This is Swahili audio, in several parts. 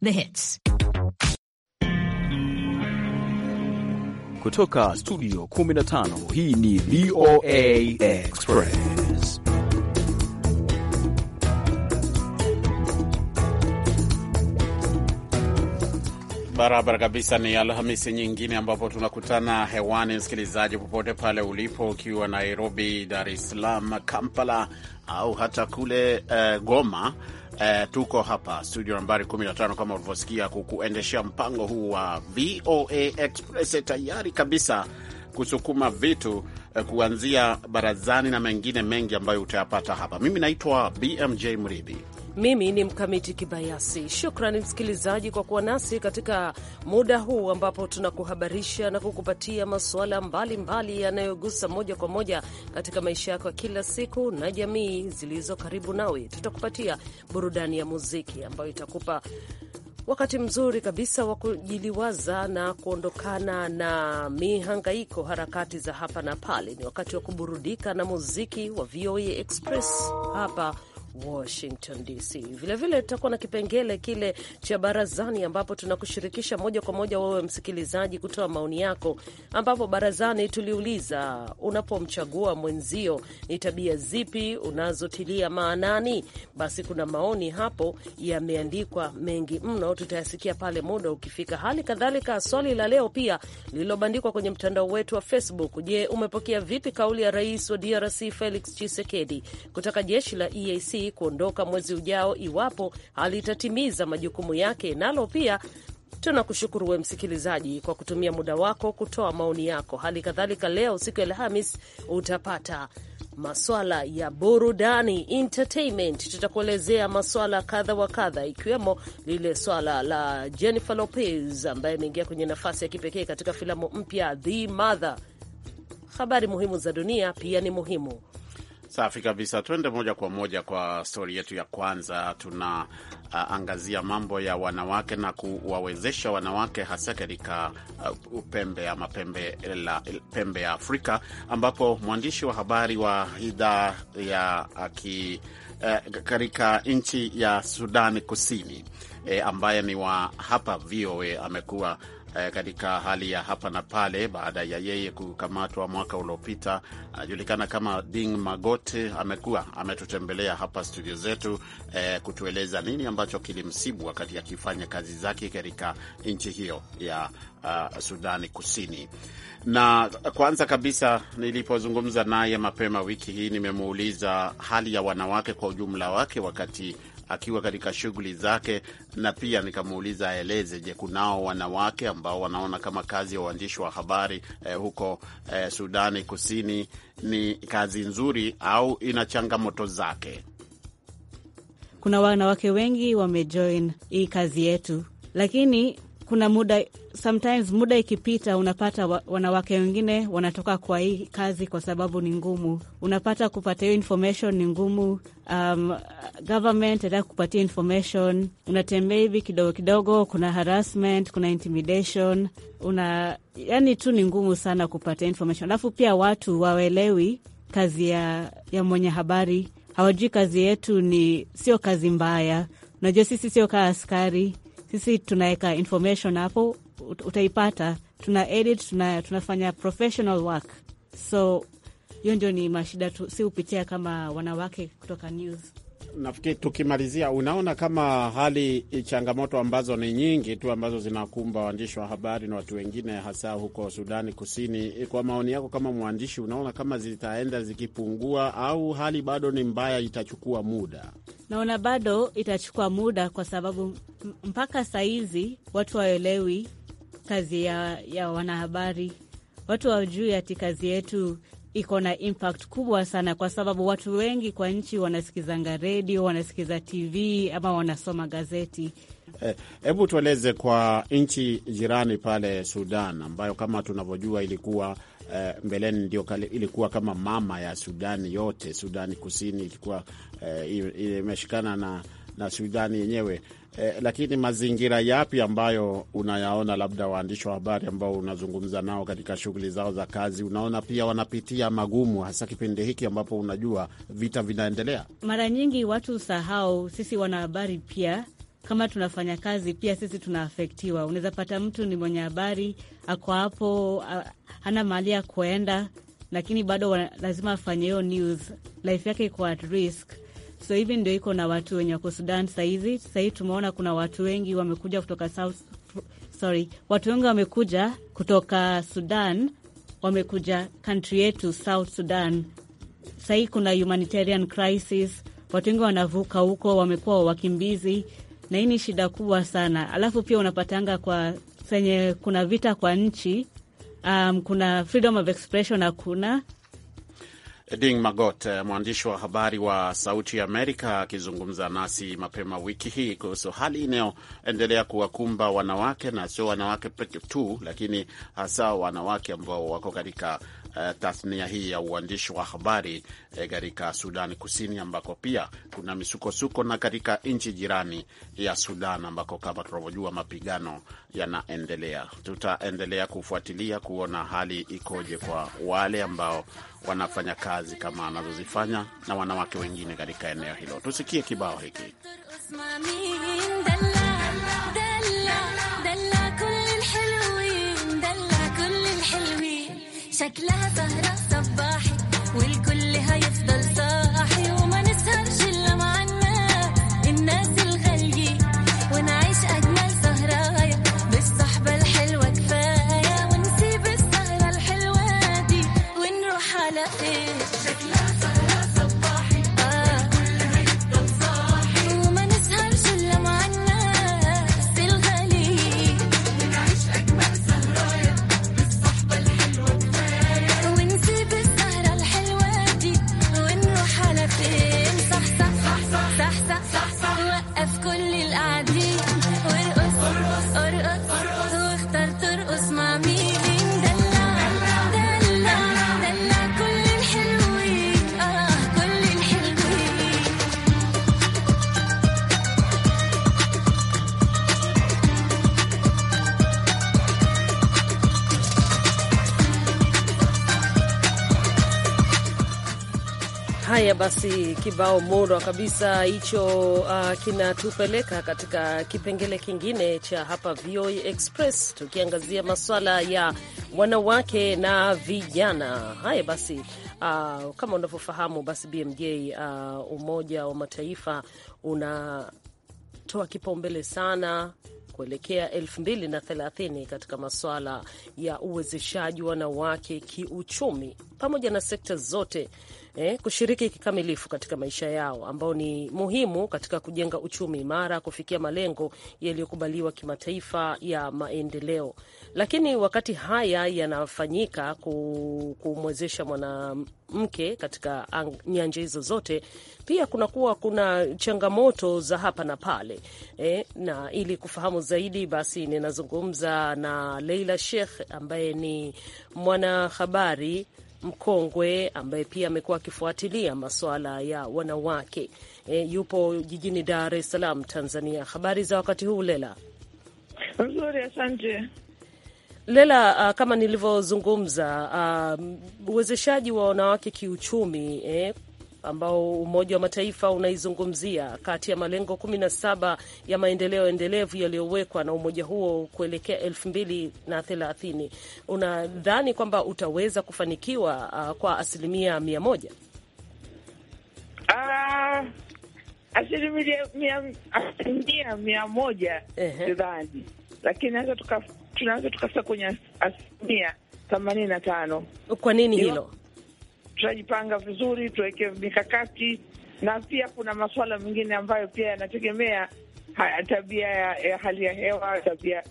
the hits. Kutoka studio 15 hii ni VOA Express. Barabara kabisa. Ni Alhamisi nyingine ambapo tunakutana hewani, msikilizaji, popote pale ulipo, ukiwa Nairobi, Dar es Salaam, Kampala au hata kule uh, Goma eh, tuko hapa studio nambari 15 kama ulivyosikia, kukuendeshea mpango huu wa VOA Express eh, tayari kabisa kusukuma vitu eh, kuanzia barazani na mengine mengi ambayo utayapata hapa. Mimi naitwa BMJ Mridhi. Mimi ni Mkamiti Kibayasi. Shukrani msikilizaji kwa kuwa nasi katika muda huu ambapo tunakuhabarisha na kukupatia masuala mbalimbali yanayogusa moja kwa moja katika maisha yako ya kila siku na jamii zilizo karibu nawe. Tutakupatia burudani ya muziki ambayo itakupa wakati mzuri kabisa wa kujiliwaza na kuondokana na mihangaiko, harakati za hapa na pale. Ni wakati wa kuburudika na muziki wa VOA Express hapa Washington DC. Vilevile tutakuwa na kipengele kile cha barazani, ambapo tunakushirikisha moja kwa moja wewe msikilizaji kutoa maoni yako, ambapo barazani tuliuliza, unapomchagua mwenzio ni tabia zipi unazotilia maanani? Basi kuna maoni hapo yameandikwa mengi mno, tutayasikia pale muda ukifika. Hali kadhalika swali la leo pia lililobandikwa kwenye mtandao wetu wa Facebook: Je, umepokea vipi kauli ya rais wa DRC Felix Tshisekedi kutaka jeshi la EAC Mali kuondoka mwezi ujao iwapo halitatimiza majukumu yake. Nalo pia tunakushukuru we msikilizaji kwa kutumia muda wako kutoa maoni yako. Hali kadhalika leo siku ya Alhamis utapata maswala ya burudani entertainment. Tutakuelezea maswala kadha wa kadha, ikiwemo lile swala la Jennifer Lopez ambaye ameingia kwenye nafasi ya kipekee katika filamu mpya The Mother. Habari muhimu za dunia pia ni muhimu Safi kabisa, tuende moja kwa moja kwa stori yetu ya kwanza. Tunaangazia uh, mambo ya wanawake na kuwawezesha wanawake hasa katika uh, pembe ama pembe la pembe ya Afrika, ambapo mwandishi wa habari wa idhaa ya aki uh, katika nchi ya Sudani Kusini E, ambaye ni wa hapa VOA amekuwa eh, katika hali ya hapa na pale baada ya yeye kukamatwa mwaka uliopita. Anajulikana kama Ding Magote. Amekuwa ametutembelea hapa studio zetu eh, kutueleza nini ambacho kilimsibu wakati akifanya kazi zake katika nchi hiyo ya uh, Sudani Kusini. Na kwanza kabisa nilipozungumza naye mapema wiki hii, nimemuuliza hali ya wanawake kwa ujumla wake wakati akiwa katika shughuli zake, na pia nikamuuliza aeleze, je, kunao wanawake ambao wanaona kama kazi ya uandishi wa habari eh, huko eh, Sudani Kusini ni kazi nzuri au ina changamoto zake? Kuna wanawake wengi wamejoin hii kazi yetu, lakini kuna muda sometimes, muda ikipita, unapata wa, wanawake wengine wanatoka kwa hii kazi kwa sababu ni ngumu, unapata kupata hiyo information ni ngumu. Um, government ataka kupatia information, unatembea hivi kidogo kidogo, kuna harassment, kuna intimidation, una yani tu ni ngumu sana kupata information, alafu pia watu waelewi kazi ya, ya mwenye habari, hawajui kazi yetu ni sio kazi mbaya. Unajua sisi sio kaa askari sisi tunaweka information hapo, utaipata. Tuna edit, tuna, tunafanya professional work, so hiyo ndio ni mashida tu si upitia kama wanawake kutoka news nafikiri tukimalizia, unaona kama hali eh, changamoto ambazo ni nyingi tu ambazo zinakumba waandishi wa habari na watu wengine hasa huko Sudani Kusini, eh, kwa maoni yako kama mwandishi, unaona kama zitaenda zikipungua au hali bado ni mbaya, itachukua muda? Naona bado itachukua muda kwa sababu mpaka sahizi watu waelewi kazi ya, ya wanahabari, watu wajui ati kazi yetu iko na impact kubwa sana, kwa sababu watu wengi kwa nchi wanasikizanga redio, wanasikiza TV ama wanasoma gazeti. Eh, hebu eh, tueleze kwa nchi jirani pale Sudan, ambayo kama tunavyojua ilikuwa eh, mbeleni ndio ilikuwa kama mama ya Sudani yote. Sudani Kusini ilikuwa eh, imeshikana na na Sudani yenyewe e, lakini mazingira yapi ambayo unayaona, labda waandishi wa habari ambao unazungumza nao katika shughuli zao za kazi, unaona pia wanapitia magumu, hasa kipindi hiki ambapo unajua vita vinaendelea? Mara nyingi watu sahau sisi wanahabari pia kama tunafanya kazi pia sisi tunaafektiwa. Unaweza pata mtu ni mwenye habari ako hapo, hana mahali ya kuenda, lakini bado lazima afanye hiyo news, life yake iko at risk sasa hivi ndio iko na watu wenye wako Sudan sahizi. Sahii tumeona kuna watu wengi wamekuja kutoka South, sorry, watu wengi wamekuja kutoka Sudan, wamekuja kantri yetu South Sudan. Sahii kuna humanitarian crisis, watu wengi wanavuka huko, wamekuwa wakimbizi na hii ni shida kubwa sana. Alafu pia unapatanga kwa senye kuna vita kwa nchi um, kuna freedom of expression hakuna Ding Magot, eh, mwandishi wa habari wa Sauti ya Amerika, akizungumza nasi mapema wiki hii kuhusu hali inayoendelea kuwakumba wanawake, na sio wanawake peke tu, lakini hasa wanawake ambao wako katika Eh, tasnia hii ya uandishi wa habari eh, katika eh, Sudani Kusini ambako pia kuna misukosuko na katika nchi jirani ya Sudan ambako kama tunavyojua mapigano yanaendelea. Tutaendelea kufuatilia kuona hali ikoje kwa wale ambao wanafanya kazi kama anazozifanya na wanawake wengine katika eneo hilo. Tusikie kibao hiki. شكلها سهرة صباحي والكل basi kibao moro kabisa hicho, uh, kinatupeleka katika kipengele kingine cha hapa VOA e Express, tukiangazia maswala ya wanawake na vijana. Haya basi, uh, kama unavyofahamu basi BMJ, uh, Umoja wa Mataifa unatoa kipaumbele sana kuelekea 2030 katika masuala ya uwezeshaji wanawake kiuchumi pamoja na sekta zote eh, kushiriki kikamilifu katika maisha yao ambao ni muhimu katika kujenga uchumi imara, kufikia malengo yaliyokubaliwa kimataifa ya maendeleo. Lakini wakati haya yanafanyika, kumwezesha mwanamke katika nyanja hizo zote, pia kunakuwa kuna changamoto za hapa na pale eh, na ili kufahamu zaidi, basi ninazungumza na Leila Sheikh ambaye ni mwanahabari mkongwe ambaye pia amekuwa akifuatilia masuala ya wanawake e, yupo jijini Dar es Salaam, Tanzania. Habari za wakati huu Lela? Nzuri, asante. Lela, uh, kama nilivyozungumza, uwezeshaji uh, wa wanawake kiuchumi eh, ambao Umoja wa Mataifa unaizungumzia kati ya malengo 17 ya maendeleo endelevu yaliyowekwa na umoja huo kuelekea 2030. Unadhani kwamba utaweza kufanikiwa uh, kwa asilimia mia moja? Uh, asilimia mia, asilimia mia moja sidhani Lakini tunaweza tukafika kwenye asilimia themanini na tano. Kwa nini hilo? tutajipanga vizuri, tuweke mikakati, na pia kuna masuala mengine ambayo pia yanategemea tabia ya, ya hali ya hewa, tabia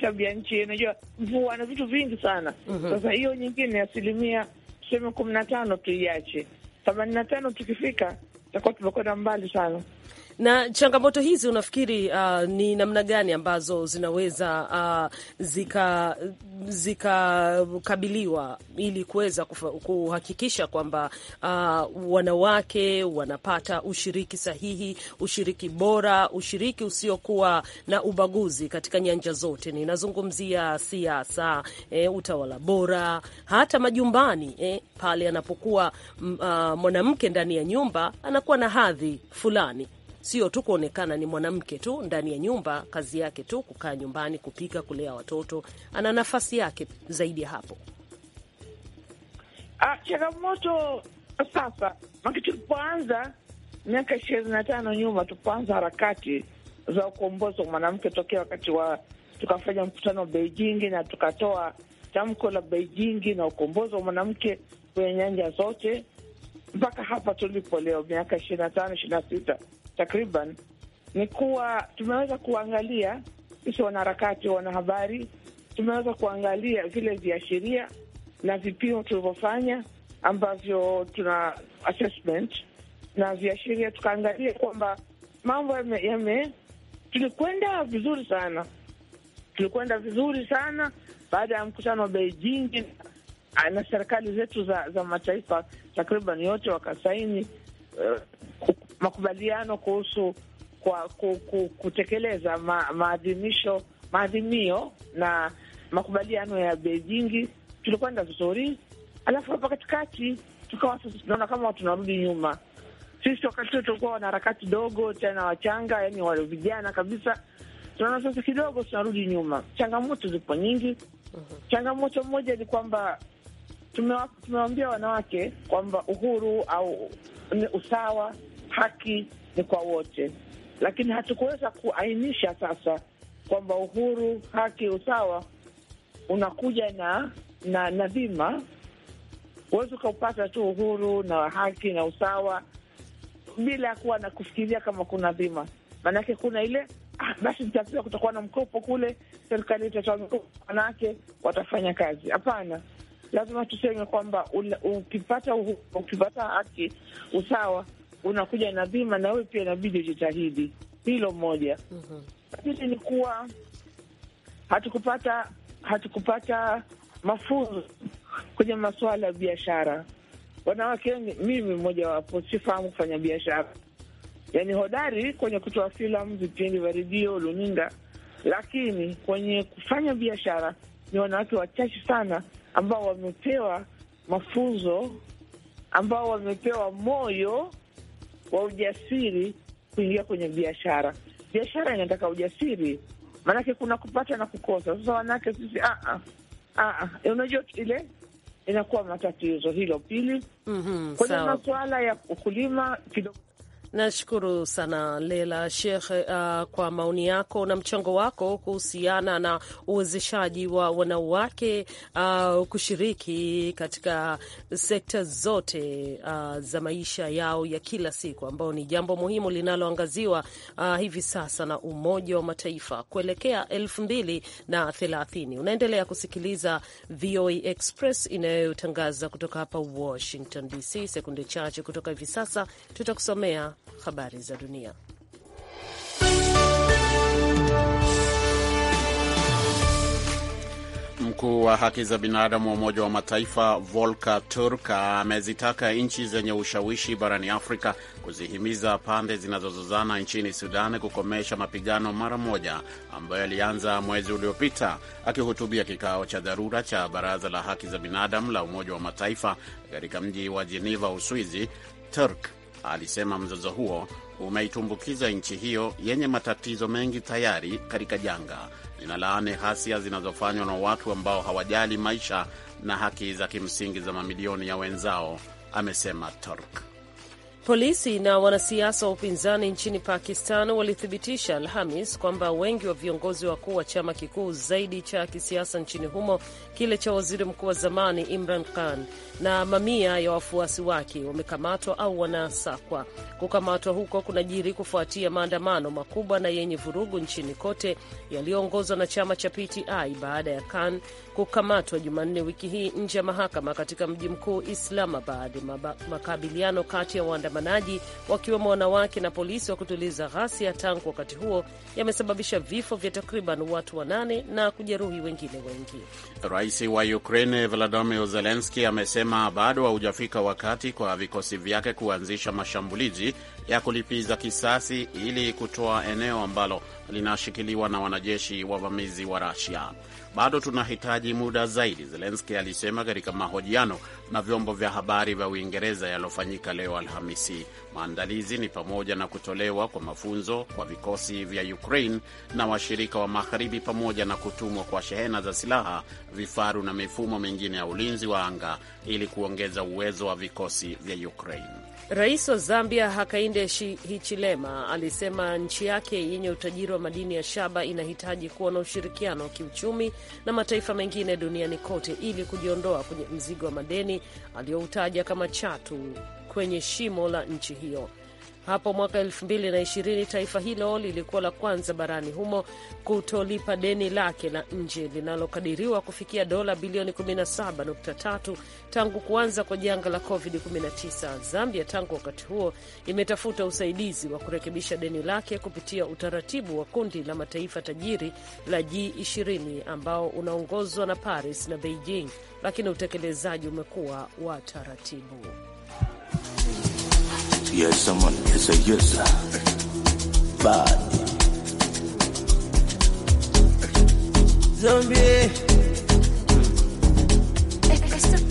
tabia nchi. Unajua mvua na vitu vingi sana mm -hmm. Sasa hiyo nyingine asilimia tuseme kumi na tano tuiache, themanini na tano tukifika tutakuwa tumekwenda mbali sana. Na changamoto hizi unafikiri uh, ni namna gani ambazo zinaweza uh, zikakabiliwa ili kuweza kuhakikisha kwamba uh, wanawake wanapata ushiriki sahihi, ushiriki bora, ushiriki usiokuwa na ubaguzi katika nyanja zote. Ninazungumzia siasa, eh, utawala bora, hata majumbani eh, pale anapokuwa mm, uh, mwanamke ndani ya nyumba anakuwa na hadhi fulani sio tu kuonekana ni mwanamke tu ndani ya nyumba, kazi yake tu kukaa nyumbani, kupika, kulea watoto. Ana nafasi yake zaidi ya hapo. Ah, changamoto sasa, maki tulipoanza miaka ishirini na tano nyuma, tulipoanza harakati za ukombozi wa mwanamke tokea wakati wa tukafanya mkutano wa Beijingi na tukatoa tamko la Beijingi na ukombozi wa mwanamke kwenye nyanja zote mpaka hapa tulipo leo, miaka ishirini na tano ishirini na sita takriban ni kuwa tumeweza kuangalia sisi wanaharakati wa wanahabari, tumeweza kuangalia vile viashiria na vipimo tulivyofanya ambavyo tuna assessment na viashiria, tukaangalia kwamba mambo yame, yame tulikwenda vizuri sana, tulikwenda vizuri sana baada ya mkutano wa Beijing na serikali zetu za, za mataifa takriban yote wakasaini uh, makubaliano kuhusu kwa ku, ku, kutekeleza ma, maadhimisho maadhimio na makubaliano ya Beijingi. Tulikwenda vizuri, alafu hapa katikati tukawa tunaona kama tunarudi nyuma. Sisi wakati huo tulikuwa wanaharakati dogo tena wachanga, yani wale vijana kabisa. Tunaona sasa kidogo tunarudi nyuma. Changamoto zipo nyingi. Changamoto moja ni kwamba tumewaambia wanawake kwamba uhuru au usawa haki ni kwa wote, lakini hatukuweza kuainisha sasa kwamba uhuru, haki, usawa unakuja na na na dhima. Huwezi ukaupata tu uhuru na haki na usawa bila ya kuwa na kufikiria kama kuna dhima, maanake kuna ile ah, basi nitapewa, kutakuwa na mkopo kule, serikali itatoa mkopo, wanawake watafanya kazi. Hapana, lazima tuseme kwamba ukipata uhuru, ukipata haki, usawa unakuja na bima, na wewe pia inabidi ujitahidi. Hilo moja. Mhm. Pili, mm-hmm. ni kuwa hatukupata hatukupata mafunzo kwenye masuala ya biashara. Wanawake wengi, mimi mmoja wapo, sifahamu kufanya biashara, yaani hodari kwenye kutoa filamu, vipindi vya redio, luninga, lakini kwenye kufanya biashara ni wanawake wachache sana ambao wamepewa mafunzo, ambao wamepewa moyo wa ujasiri kuingia kwenye biashara. Biashara inataka ujasiri, maanake kuna kupata na kukosa. Sasa wanawake sisi, ah, ah, ah, eh, unajua ile inakuwa matatizo hilo. Pili, mm -hmm, kwenye masuala ya ukulima kidogo Nashukuru sana Lela Sheikh uh, kwa maoni yako na mchango wako kuhusiana na uwezeshaji wa wanawake uh, kushiriki katika sekta zote uh, za maisha yao ya kila siku, ambao ni jambo muhimu linaloangaziwa uh, hivi sasa na Umoja wa Mataifa kuelekea elfu mbili na thelathini. Unaendelea kusikiliza VOA Express inayotangaza kutoka hapa Washington DC. Sekunde chache kutoka hivi sasa tutakusomea habari za dunia. Mkuu wa haki za binadamu wa Umoja wa Mataifa Volka Turk amezitaka nchi zenye ushawishi barani Afrika kuzihimiza pande zinazozozana nchini Sudan kukomesha mapigano mara moja ambayo yalianza mwezi uliopita. Akihutubia kikao cha dharura cha Baraza la Haki za Binadamu la Umoja wa Mataifa katika mji wa Jeneva, Uswizi, Turk alisema mzozo huo umeitumbukiza nchi hiyo yenye matatizo mengi tayari katika janga. Ninalaani ghasia zinazofanywa na watu ambao hawajali maisha na haki za kimsingi za mamilioni ya wenzao, amesema Turk. Polisi na wanasiasa wa upinzani nchini Pakistan walithibitisha Alhamis kwamba wengi wa viongozi wakuu wa chama kikuu zaidi cha kisiasa nchini humo, kile cha waziri mkuu wa zamani Imran Khan, na mamia ya wafuasi wake wamekamatwa au wanasakwa. Kukamatwa huko kunajiri kufuatia maandamano makubwa na yenye vurugu nchini kote yaliyoongozwa na chama cha PTI baada ya Khan kukamatwa Jumanne wiki hii nje ya mahakama katika mji mkuu Islamabad. Makabiliano kati ya waandamanaji wakiwemo wanawake na polisi wa kutuliza ghasia tangu wakati huo yamesababisha vifo vya takriban watu wanane na kujeruhi wengine wengi. Rais wa Ukraine vladimir Zelenski amesema bado haujafika wa wakati kwa vikosi vyake kuanzisha mashambulizi ya kulipiza kisasi ili kutoa eneo ambalo linashikiliwa na wanajeshi wavamizi wa rasia Bado tunahitaji muda zaidi, Zelenski alisema katika mahojiano na vyombo vya habari vya Uingereza yaliyofanyika leo Alhamisi. Maandalizi ni pamoja na kutolewa kwa mafunzo kwa vikosi vya Ukraine na washirika wa Magharibi, pamoja na kutumwa kwa shehena za silaha, vifaru na mifumo mingine ya ulinzi wa anga ili kuongeza uwezo wa vikosi vya Ukraine. Rais wa Zambia Hakainde Hichilema alisema nchi yake yenye utajiri wa madini ya shaba inahitaji kuwa na ushirikiano wa kiuchumi na mataifa mengine duniani kote ili kujiondoa kwenye mzigo wa madeni aliyoutaja kama chatu kwenye shimo la nchi hiyo. Hapo mwaka 220 taifa hilo lilikuwa la kwanza barani humo kutolipa deni lake la nje linalokadiriwa kufikia dola bilioni 17.3 tangu kuanza kwa janga la COVID-19. Zambia tangu wakati huo imetafuta usaidizi wa kurekebisha deni lake kupitia utaratibu wa kundi la mataifa tajiri la G20 ambao unaongozwa na Paris na Beijing, lakini utekelezaji umekuwa wa taratibu. Yes, someone is a user. Bad. Zombie.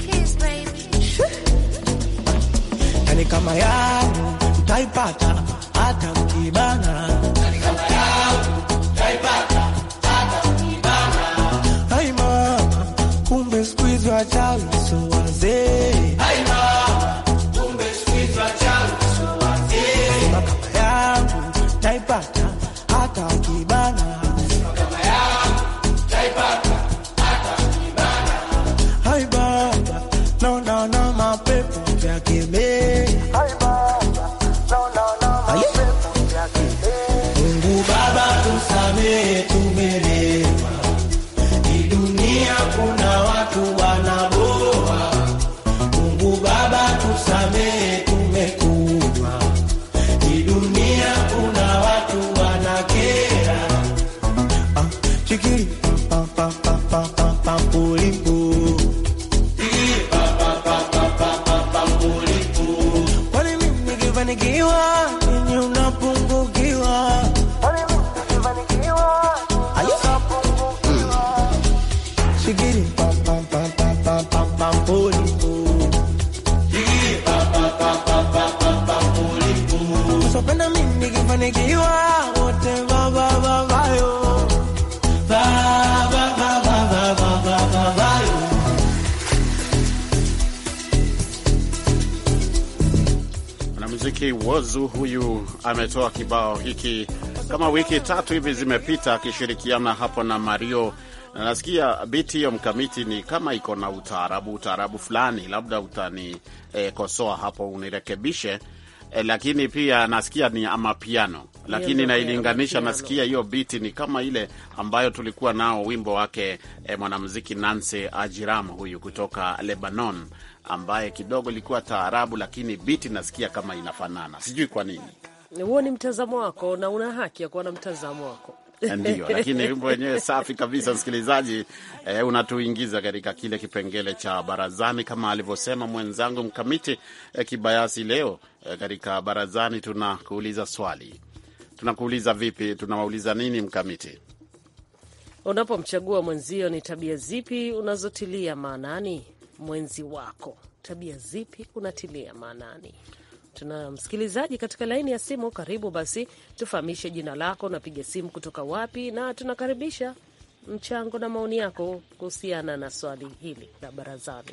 kiss, baby. kama yao utaipata hata ukibana. kama yao utaipata hata ukibana. Hai mama, kumbe siku hizi wachawi so Amén. ametoa kibao hiki kama wiki tatu hivi zimepita, akishirikiana hapo na Mario na nasikia biti hiyo mkamiti ni kama iko na utaarabu utaarabu fulani, labda utanikosoa e, hapo unirekebishe e, lakini pia nasikia ni amapiano, lakini nailinganisha, nasikia hiyo biti ni kama ile ambayo tulikuwa nao wimbo wake e, mwanamuziki Nancy Ajiram huyu kutoka Lebanon, ambaye kidogo ilikuwa taarabu, lakini biti nasikia kama inafanana, sijui kwa nini. Huo ni mtazamo wako na una haki ya kuwa na mtazamo wako. Eh, ndio, lakini wenyewe safi kabisa. Msikilizaji eh, unatuingiza katika kile kipengele cha barazani kama alivyosema mwenzangu mkamiti eh, kibayasi. Leo eh, katika barazani tunakuuliza swali. Tunakuuliza vipi? Tunawauliza nini mkamiti? Unapomchagua mwenzio, ni tabia zipi unazotilia maanani mwenzi wako? Tabia zipi unatilia maanani? Tuna msikilizaji katika laini ya simu. Karibu basi, tufahamishe jina lako, unapiga simu kutoka wapi, na tunakaribisha mchango na maoni yako kuhusiana na swali hili la barazani.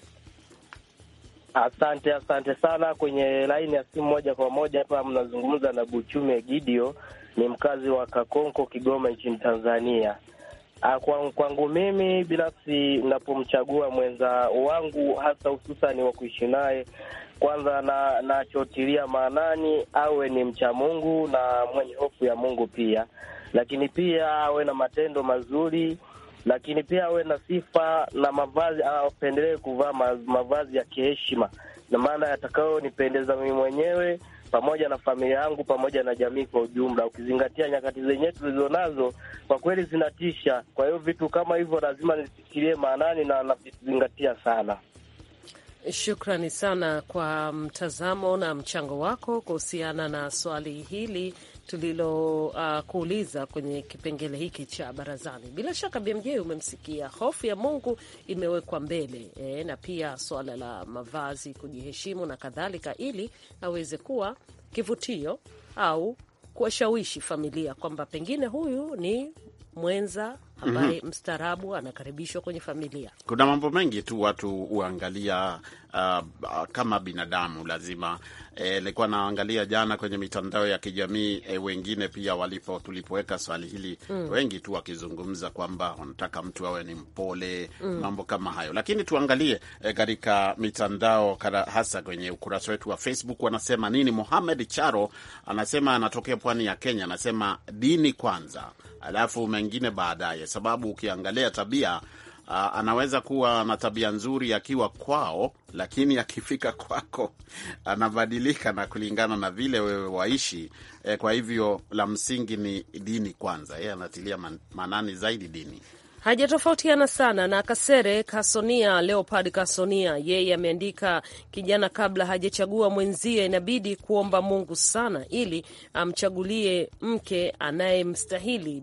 Asante, asante sana. Kwenye laini ya simu moja kwa moja hapa mnazungumza na Buchume Gidio, ni mkazi wa Kakonko, Kigoma nchini Tanzania. Ah, kwangu mimi binafsi, napomchagua mwenza wangu hasa hususani wa kuishi naye kwanza nachotilia na maanani awe ni mcha Mungu na mwenye hofu ya Mungu pia, lakini pia awe na matendo mazuri, lakini pia awe na sifa na mavazi, apendelee kuvaa mavazi ya kiheshima na maana yatakayonipendeza mimi mwenyewe pamoja na familia yangu pamoja na jamii kwa ujumla, ukizingatia nyakati zenyewe tulizo nazo kwa kweli zinatisha. Kwa hiyo vitu kama hivyo lazima nisikilie maanani na navizingatia sana. Shukrani sana kwa mtazamo na mchango wako kuhusiana na swali hili tulilokuuliza uh, kwenye kipengele hiki cha barazani. Bila shaka BMJ umemsikia, hofu ya Mungu imewekwa mbele e, na pia swala la mavazi, kujiheshimu na kadhalika, ili aweze kuwa kivutio au kuwashawishi familia kwamba pengine huyu ni mwenza ambaye mm -hmm. mstaarabu anakaribishwa kwenye familia. Kuna mambo mengi tu watu huangalia uh, kama binadamu lazima eh, nilikuwa e, naangalia jana kwenye mitandao ya kijamii e, wengine pia walipo tulipoweka swali hili mm. wengi tu wakizungumza kwamba wanataka mtu awe ni mpole mm. mambo kama hayo, lakini tuangalie eh, katika mitandao kara, hasa kwenye ukurasa wetu wa Facebook wanasema nini. Mohamed Charo anasema anatokea pwani ya Kenya, anasema dini kwanza, alafu mengine baadaye, sababu ukiangalia tabia uh, anaweza kuwa na tabia nzuri akiwa kwao, lakini akifika kwako anabadilika na kulingana na vile wewe waishi. E, kwa hivyo la msingi ni dini kwanza. Yeye anatilia man, manani zaidi dini hajatofautiana sana na Kasere Kasonia. Leopard Kasonia yeye ameandika, kijana kabla hajachagua mwenzie, inabidi kuomba Mungu sana ili amchagulie mke anayemstahili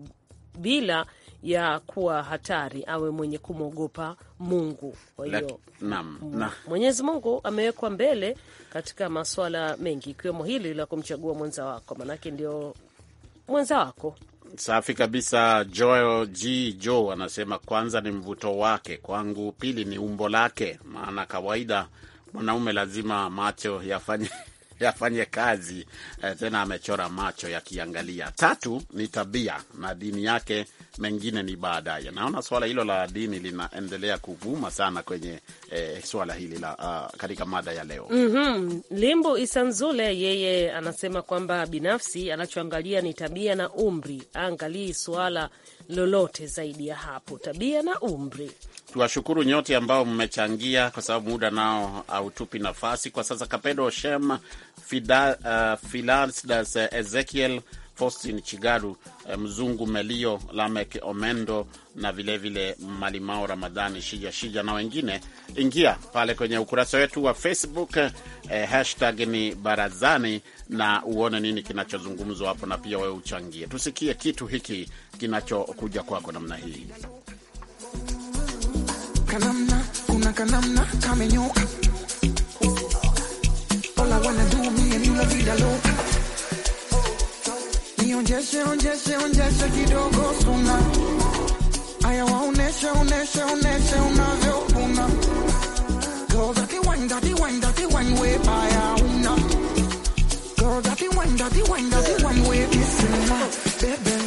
bila ya kuwa hatari awe mwenye kumwogopa Mungu. Kwa hiyo mm, Mwenyezi Mungu amewekwa mbele katika maswala mengi, ikiwemo hili la kumchagua mwenza wako, manake ndio mwenza wako. Safi kabisa. Joel G Jo anasema kwanza ni mvuto wake kwangu, pili ni umbo lake, maana kawaida mwanaume lazima macho yafanye yafanye kazi eh, tena amechora macho yakiangalia. Tatu ni tabia na dini yake mengine ni baadaye. Naona swala hilo la dini linaendelea kuvuma sana kwenye eh, swala hili la uh, katika mada ya leo mm -hmm. Limbu Isanzule yeye anasema kwamba binafsi anachoangalia ni tabia na umri, aangalii swala lolote zaidi ya hapo, tabia na umri. Tuwashukuru nyote ambao mmechangia, kwa sababu muda nao hautupi nafasi kwa sasa. Kapedo Shem Filasdas ah, uh, eh, Ezekiel Faustin Chigaru, eh, Mzungu Melio, Lamek Omendo na vilevile vile Malimao Ramadhani Shija Shija na wengine. Ingia pale kwenye ukurasa wetu wa Facebook eh, hashtag ni barazani na uone nini kinachozungumzwa hapo, na pia wewe uchangie, tusikie kitu hiki kinachokuja kwako namna hii. Kanamna, kuna kanamna kamenyoka. All I wanna do, me and you, la vida loca. nionyeshe onyeshe onyeshe kidogo suna aya waoneshe oneshe oneshe unavyokuna girl dati wine dati wine dati wine we baya una girl dati wine dati wine dati wine we kisina baby.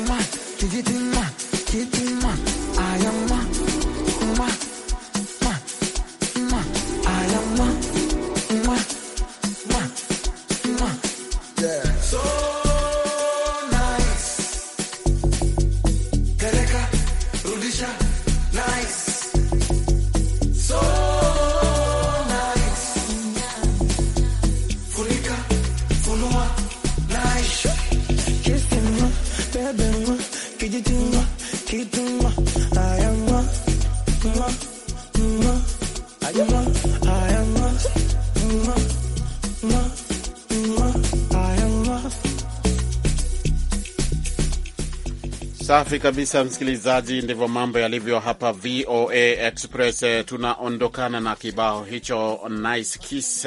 Safi kabisa, msikilizaji, ndivyo mambo yalivyo hapa VOA Express. Tunaondokana na kibao hicho nice kiss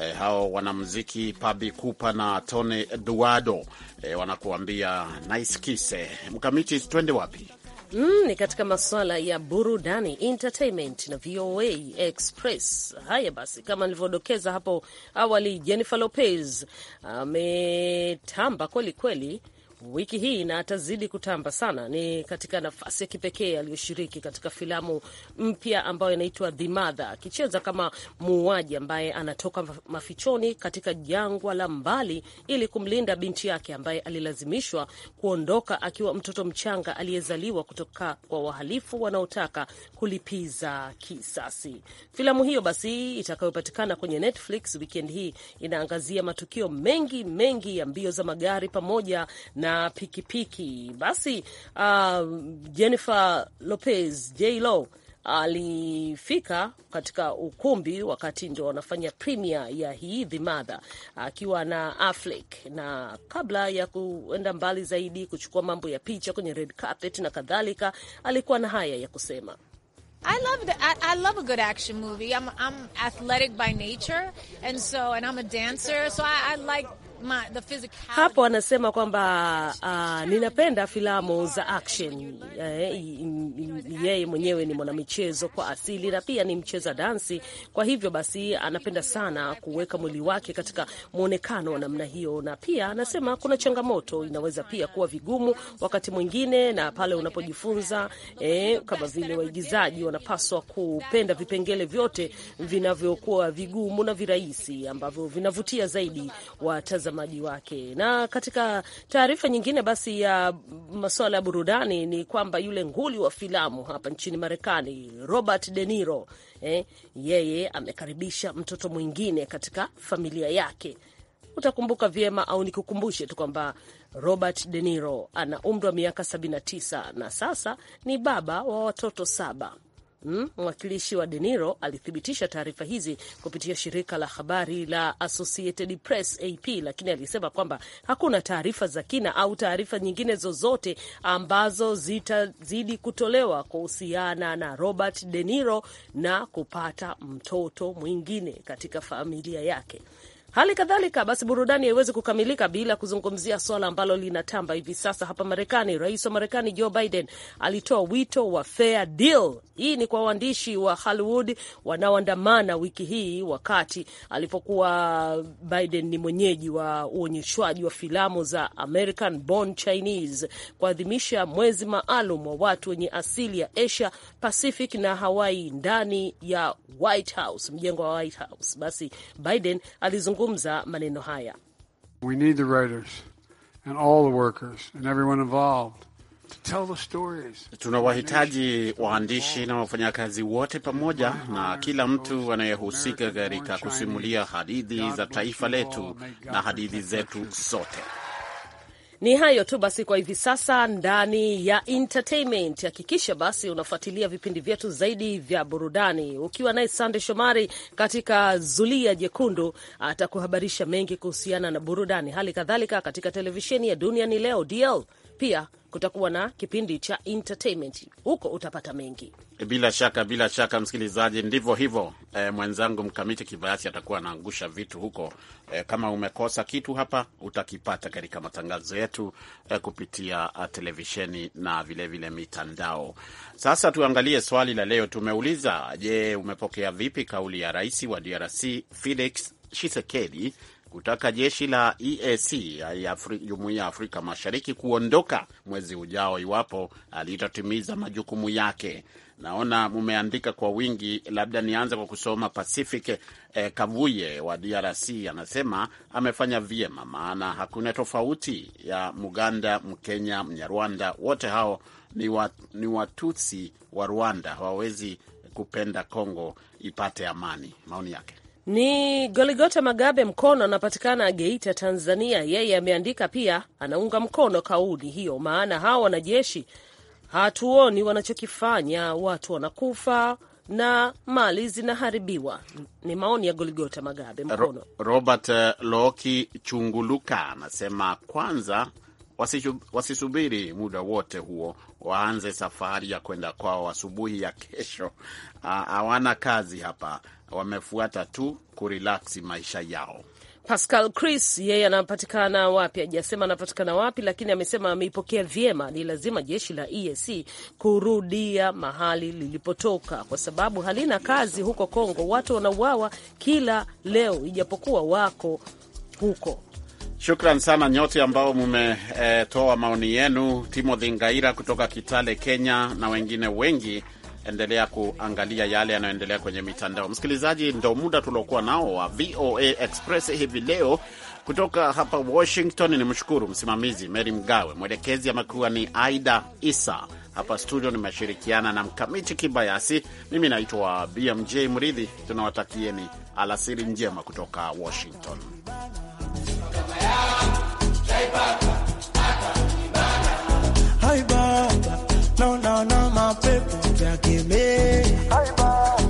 E, hao wanamuziki Pabi Kupa na Tony Duado e, eh, wanakuambia nice kiss. Mkamiti, twende wapi? Mm, ni katika masuala ya burudani entertainment na VOA Express. Haya basi, kama nilivyodokeza hapo awali, Jennifer Lopez ametamba kweli kweli wiki hii na atazidi kutamba sana ni katika nafasi ya kipekee aliyoshiriki katika filamu mpya ambayo inaitwa The Mother, akicheza kama muuaji ambaye anatoka mafichoni katika jangwa la mbali ili kumlinda binti yake ambaye alilazimishwa kuondoka akiwa mtoto mchanga aliyezaliwa kutoka kwa wahalifu wanaotaka kulipiza kisasi. Filamu hiyo basi itakayopatikana kwenye Netflix wikendi hii inaangazia matukio mengi mengi ya mbio za magari pamoja na na pikipiki. Basi uh, Jennifer Lopez JLo alifika katika ukumbi wakati ndo wanafanya premier ya hii dhimadha akiwa na Affleck, na kabla ya kuenda mbali zaidi kuchukua mambo ya picha kwenye red carpet na kadhalika, alikuwa na haya ya kusema. I love the, I, I love a good action movie. I'm, I'm athletic by nature and so and I'm a dancer so I, I like hapo anasema kwamba uh, ninapenda filamu za action. Eh, yeye mwenyewe ni mwanamichezo kwa asili na pia ni mcheza dansi, kwa hivyo basi anapenda sana kuweka mwili wake katika mwonekano wa namna hiyo, na pia anasema kuna changamoto, inaweza pia kuwa vigumu wakati mwingine, na pale unapojifunza eh, kama vile waigizaji wanapaswa kupenda vipengele vyote vinavyokuwa vigumu na virahisi ambavyo vinavutia zaidi watazamaji watazamaji wake. Na katika taarifa nyingine basi ya masuala ya burudani ni kwamba yule nguli wa filamu hapa nchini Marekani Robert De Niro eh, yeye amekaribisha mtoto mwingine katika familia yake. Utakumbuka vyema au nikukumbushe tu kwamba Robert De Niro ana umri wa miaka 79 na sasa ni baba wa watoto saba. Hmm? mwakilishi wa deniro alithibitisha taarifa hizi kupitia shirika la habari la Associated Press AP, lakini alisema kwamba hakuna taarifa za kina au taarifa nyingine zozote ambazo zitazidi kutolewa kuhusiana na Robert deniro na kupata mtoto mwingine katika familia yake. Hali kadhalika basi, burudani haiwezi kukamilika bila kuzungumzia swala ambalo linatamba hivi sasa hapa Marekani. Rais wa Marekani Joe Biden alitoa wito wa fair deal. Hii ni kwa waandishi wa Hollywood wanaoandamana wiki hii, wakati alipokuwa Biden ni mwenyeji wa uonyeshwaji wa filamu za American Born Chinese kuadhimisha mwezi maalum wa watu wenye asili ya Asia Pacific na Hawaii ndani ya White House, mjengo wa White House. Basi Biden alizungumza akizungumza maneno haya. We need the writers and all the workers and everyone involved. Tunawahitaji waandishi na wafanyakazi wote pamoja na kila mtu anayehusika katika kusimulia hadithi za taifa letu na hadithi zetu sote. Ni hayo tu basi kwa hivi sasa ndani ya entertainment. Hakikisha basi unafuatilia vipindi vyetu zaidi vya burudani, ukiwa naye Sande Shomari katika Zulia Jekundu atakuhabarisha mengi kuhusiana na burudani, hali kadhalika katika televisheni ya Duniani Leo DL pia kutakuwa na kipindi cha entertainment. Huko utapata mengi bila shaka, bila shaka msikilizaji, ndivyo hivyo. E, mwenzangu Mkamiti Kibayasi atakuwa anaangusha vitu huko. E, kama umekosa kitu hapa utakipata katika matangazo yetu e, kupitia ah, televisheni na vilevile vile mitandao. Sasa tuangalie swali la leo tumeuliza. Je, umepokea vipi kauli ya rais wa DRC Felix Tshisekedi kutaka jeshi la EAC Jumuiya ya Afrika Mashariki kuondoka mwezi ujao iwapo alitatimiza majukumu yake. Naona mumeandika kwa wingi, labda nianze kwa kusoma. Pacific eh, Kavuye wa DRC anasema amefanya vyema, maana hakuna tofauti ya Muganda, Mkenya, Mnyarwanda, wote hao ni, wa, ni Watutsi wa Rwanda, hawawezi kupenda Kongo ipate amani. Maoni yake. Ni Goligota Magabe Mkono, anapatikana Geita, Tanzania. Yeye ameandika pia anaunga mkono kauli hiyo, maana hawa wanajeshi hatuoni wanachokifanya, watu wanakufa na mali zinaharibiwa. Ni maoni ya Goligota Magabe Mkono. Robert eh, Loki Chunguluka anasema kwanza wasisubiri muda wote huo, waanze safari ya kwenda kwao asubuhi ya kesho. Ah, hawana kazi hapa wamefuata tu kurilaksi maisha yao. Pascal Chris yeye anapatikana wapi? Hajasema anapatikana wapi, lakini amesema ameipokea vyema. Ni lazima jeshi la EAC kurudia mahali lilipotoka, kwa sababu halina kazi huko Kongo. Watu wanauawa kila leo, ijapokuwa wako huko. Shukran sana nyote ambao mmetoa e, maoni yenu. Timothy Ngaira kutoka Kitale, Kenya, na wengine wengi endelea kuangalia yale yanayoendelea kwenye mitandao. Msikilizaji, ndo muda tuliokuwa nao wa VOA Express hivi leo kutoka hapa Washington. Ni mshukuru msimamizi Mary Mgawe, mwelekezi amekuwa ni Aida Isa. Hapa studio nimeshirikiana na Mkamiti Kibayasi. Mimi naitwa BMJ Mridhi. Tunawatakieni alasiri njema kutoka Washington. No, no, no, my people, Jackie me. Bye bye.